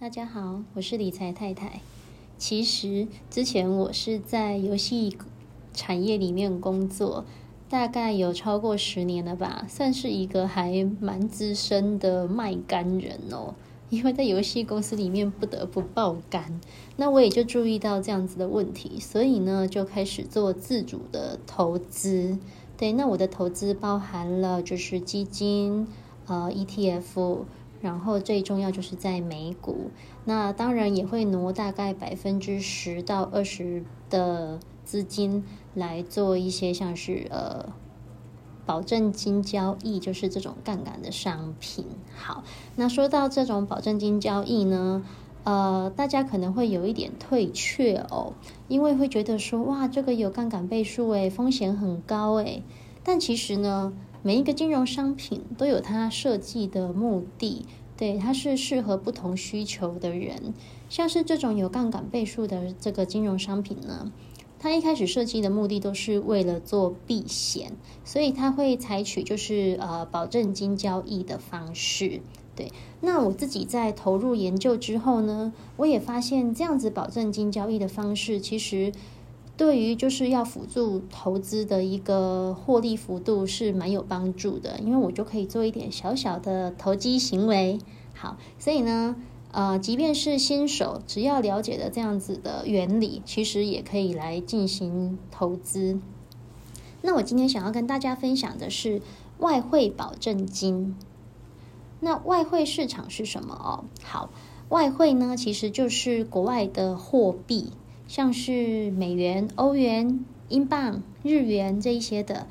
大家好，我是理財太太。其實之前我是在遊戲產業裡面工作，大概有超過十年了吧，算是一個還蠻資深的賣肝人哦。因為在遊戲公司裡面不得不爆肝，那我也就注意到這樣子的問題，所以呢就開始做自主的投資。對，那我的投資包含了就是基金、呃、ETF。然後最重要就是在美股，那當然也會挪大概百分之十到二十的資金來做一些像是呃保證金交易，就是這種槓桿的商品。好，那說到這種保證金交易呢，呃，大家可能會有一點退卻哦，因為會覺得說哇，這個有槓桿倍數哎，風險很高哎，但其實呢。每一個金融商品都有它設計的目的，對，它是適合不同需求的人。像是這種有槓桿倍數的這個金融商品呢，它一開始設計的目的都是為了做避險，所以它會採取就是呃保證金交易的方式。對，那我自己在投入研究之後呢，我也發現這樣子保證金交易的方式其實。對於就是要輔助投資的一個獲利幅度是蠻有幫助的，因為我就可以做一點小小的投機行為。好，所以呢，呃，即便是新手，只要了解了這樣子的原理，其實也可以來進行投資。那我今天想要跟大家分享的是外匯保證金。那外匯市場是什麼？哦，好，外匯呢，其實就是國外的貨幣。像是美元、歐元、英鎊、日元這一些的，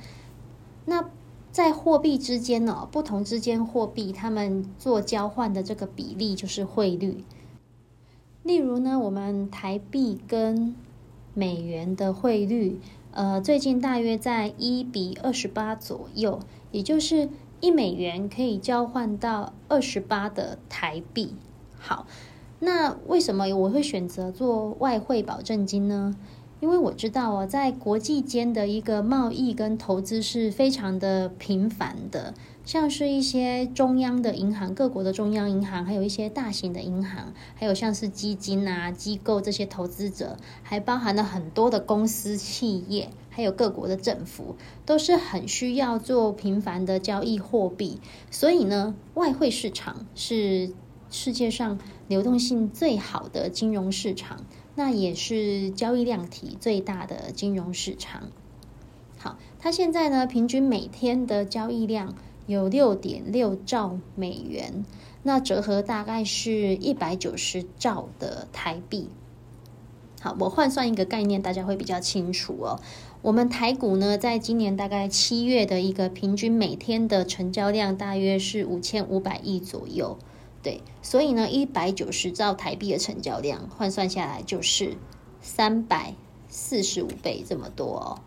那在貨幣之間呢、哦，不同之間貨幣，他們做交換的這個比例就是匯率。例如呢，我們台幣跟美元的匯率，呃，最近大約在一比二十八左右，也就是一美元可以交換到二十八的台幣。好。那為什麼我會選擇做外匯保證金呢？因為我知道啊、哦，在國際間的一個貿易跟投資是非常的頻繁的，像是一些中央的銀行、各國的中央銀行，還有一些大型的銀行，還有像是基金啊、機構這些投資者，還包含了很多的公司、企業，還有各國的政府，都是很需要做頻繁的交易貨幣，所以呢，外匯市場是世界上流動性最好的金融市場，那也是交易量體最大的金融市場。好，它現在呢，平均每天的交易量有六點六兆美元，那折合大概是一百九十兆的台幣。好，我換算一個概念，大家會比較清楚哦。我們台股呢，在今年大概七月的一個平均每天的成交量，大約是五千五百億左右。對，所以呢，一百九十兆台幣的成交量換算下來就是三百四十五倍這麼多哦。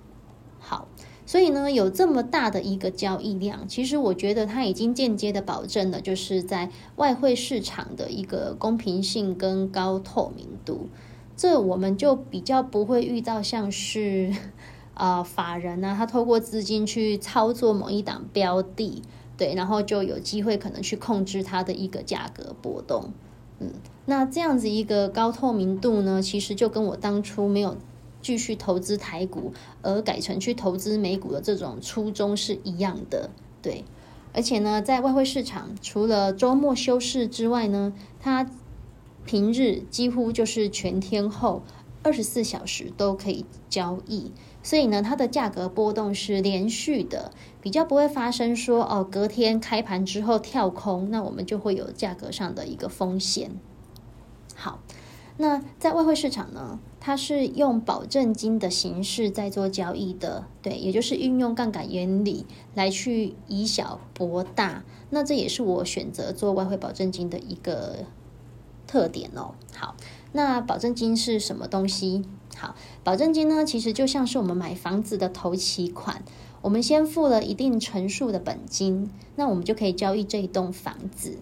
好，所以呢，有這麼大的一個交易量，其實我覺得它已經間接地保證了，就是在外匯市場的一個公平性跟高透明度。這我們就比較不會遇到像是啊、呃、法人啊，他透過資金去操作某一檔標的。對，然後就有機會可能去控制它的一個價格波動，嗯，那這樣子一個高透明度呢，其實就跟我當初沒有繼續投資台股，而改成去投資美股的這種初衷是一樣的，對。而且呢，在外匯市場，除了周末休市之外呢，它平日幾乎就是全天候。二十四小時都可以交易，所以呢，它的價格波動是連續的，比較不會發生說哦，隔天開盤之後跳空，那我們就會有價格上的一個風險。好，那在外匯市場呢，它是用保證金的形式在做交易的，對，也就是運用槓桿原理來去以小博大。那這也是我選擇做外匯保證金的一個特點哦。好。那保證金是什麼東西？好，保證金呢，其實就像是我們買房子的頭期款，我們先付了一定成數的本金，那我們就可以交易這一棟房子。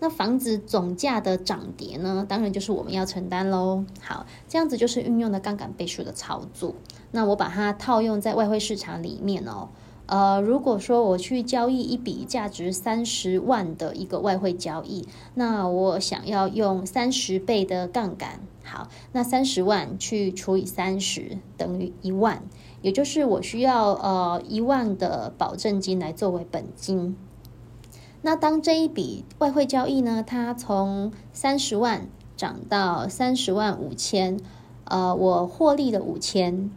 那房子總價的漲跌呢，當然就是我們要承擔嘍。好，這樣子就是運用的槓桿倍數的操作。那我把它套用在外匯市場裡面哦。呃，如果說我去交易一筆價值三十萬的一個外匯交易，那我想要用三十倍的槓桿，好，那三十萬去除以三十等於一萬，也就是我需要呃一萬的保證金來作為本金。那當這一筆外匯交易呢，它從三十萬漲到三十萬五千，呃，我獲利了五千。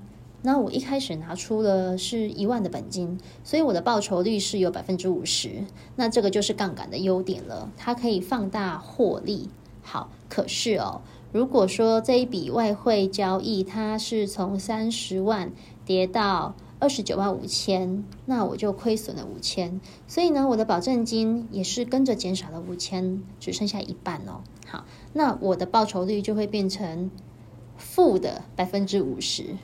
那我一開始拿出了是一萬的本金，所以我的報酬率是有百分之五十。那這個就是槓桿的優點了，它可以放大獲利。好，可是哦，如果說這一筆外匯交易它是從三十萬跌到二十九萬五千，那我就虧損了五千，所以呢，我的保證金也是跟着減少了五千，只剩下一半哦。好，那我的報酬率就會變成負的百分之五十。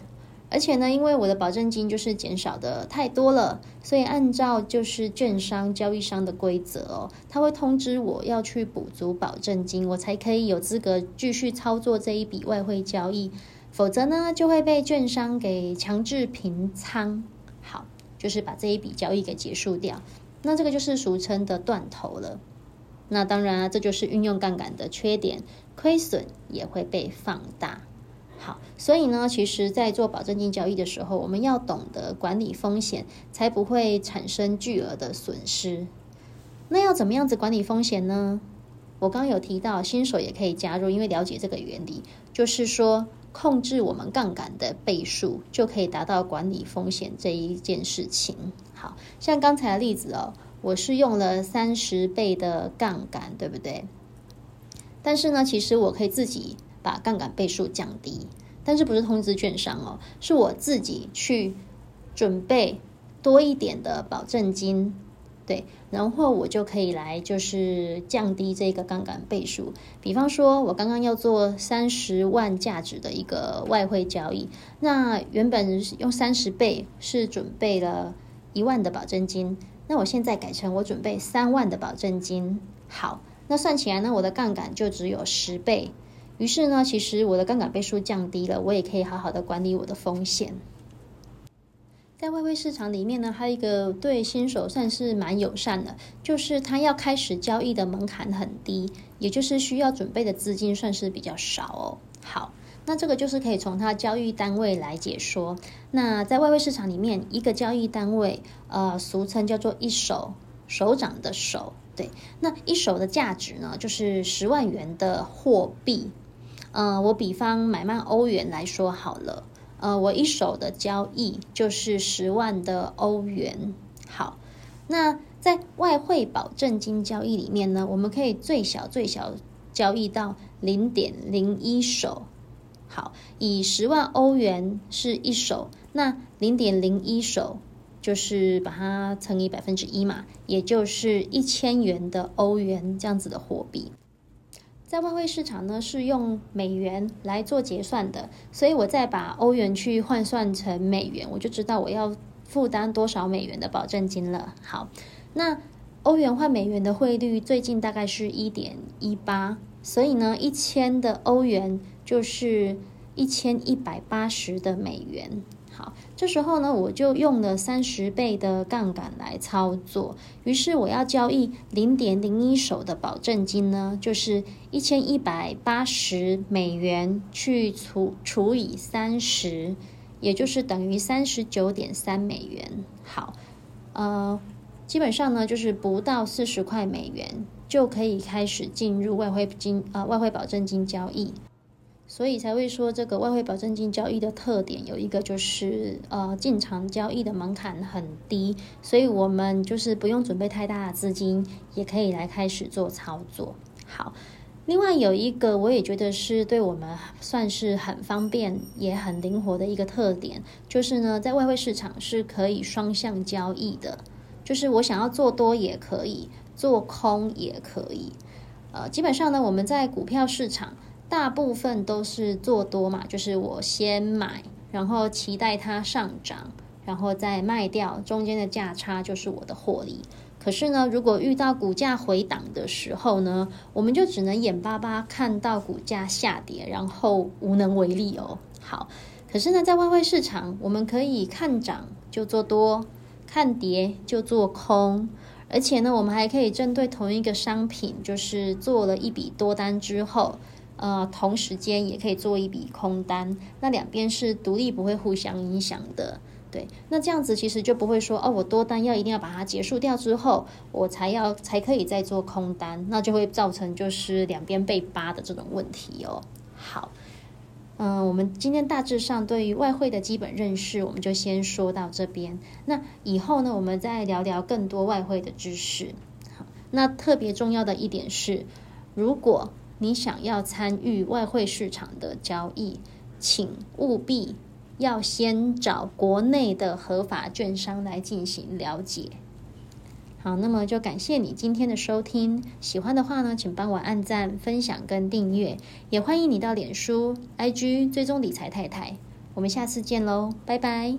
而且呢，因為我的保證金就是減少的太多了，所以按照就是券商交易商的規則哦，他會通知我要去補足保證金，我才可以有資格繼續操作這一筆外匯交易，否則呢就會被券商給強制平倉。好，就是把這一筆交易給結束掉。那這個就是俗稱的斷頭了。那當然啊，這就是運用槓桿的缺點，虧損也會被放大。好，所以呢，其實，在做保證金交易的時候，我們要懂得管理風險，才不會產生巨額的損失。那要怎麼樣子管理風險呢？我剛剛有提到，新手也可以加入，因為了解這個原理，就是說控制我們槓桿的倍數，就可以達到管理風險這一件事情。好，像剛才的例子哦，我是用了三十倍的槓桿，對不對？但是呢，其實我可以自己。把槓桿倍數降低，但是不是通知券商哦，是我自己去準備多一點的保證金，對，然後我就可以來就是降低這個槓桿倍數。比方說，我剛剛要做三十萬價值的一個外匯交易，那原本用三十倍是準備了一萬的保證金，那我現在改成我準備三萬的保證金，好，那算起來呢，我的槓桿就只有十倍。於是呢，其實我的槓桿倍數降低了，我也可以好好的管理我的風險。在外匯市場裡面呢，還有一個對新手算是蠻友善的，就是他要開始交易的門檻很低，也就是需要準備的資金算是比較少哦。好，那這個就是可以從他交易單位來解說。那在外匯市場裡面，一個交易單位，呃，俗稱叫做一手，手掌的手，對，那一手的價值呢，就是十萬元的貨幣。嗯、呃，我比方買賣歐元來說好了。呃，我一手的交易就是十萬的歐元。好，那在外匯保證金交易裡面呢，我們可以最小最小交易到零點零一手。好，以十萬歐元是一手，那零點零一手就是把它乘以百分之一嘛，也就是一千元的歐元這樣子的貨幣。在外匯市場呢，是用美元來做結算的，所以我再把歐元去換算成美元，我就知道我要負擔多少美元的保證金了。好，那歐元換美元的匯率最近大概是一點一八，所以呢，一千的歐元就是一千一百八十的美元。好，這時候呢，我就用了三十倍的槓桿來操作，於是我要交易零點零一手的保證金呢，就是一千一百八十美元去除除以三十，也就是等於三十九點三美元。好，呃，基本上呢，就是不到四十塊美元就可以開始進入外匯金呃，外匯保證金交易。所以才會說，這個外匯保證金交易的特點有一個就是，呃，進場交易的門檻很低，所以我們就是不用準備太大的資金，也可以來開始做操作。好，另外有一個我也覺得是對我們算是很方便也很靈活的一個特點，就是呢，在外匯市場是可以雙向交易的，就是我想要做多也可以，做空也可以。呃，基本上呢，我們在股票市場，大部分都是做多嘛，就是我先買，然後期待它上漲，然後再賣掉，中間的價差就是我的獲利。可是呢，如果遇到股價回檔的時候呢，我們就只能眼巴巴看到股價下跌，然後無能為力哦。好，可是呢，在外匯市場，我們可以看漲就做多，看跌就做空，而且呢，我們還可以針對同一個商品，就是做了一筆多單之後，呃，同時間也可以做一筆空單，那兩邊是獨立，不會互相影響的。對，那這樣子其實就不會說，哦，我多單要一定要把它結束掉之後，我才要才可以再做空單，那就會造成就是兩邊被扒的這種問題哦。好，嗯，呃，我們今天大致上對於外匯的基本認識，我們就先說到這邊。那以後呢，我們再聊聊更多外匯的知識。好，那特別重要的一點是，如果。你想要參與外匯市場的交易，請務必要先找國內的合法券商來進行了解。好，那麼就感謝你今天的收聽。喜歡的話呢，請幫我按讚、分享跟訂閱。也歡迎你到臉書、IG 追蹤理財太太。我們下次見嘍，拜拜。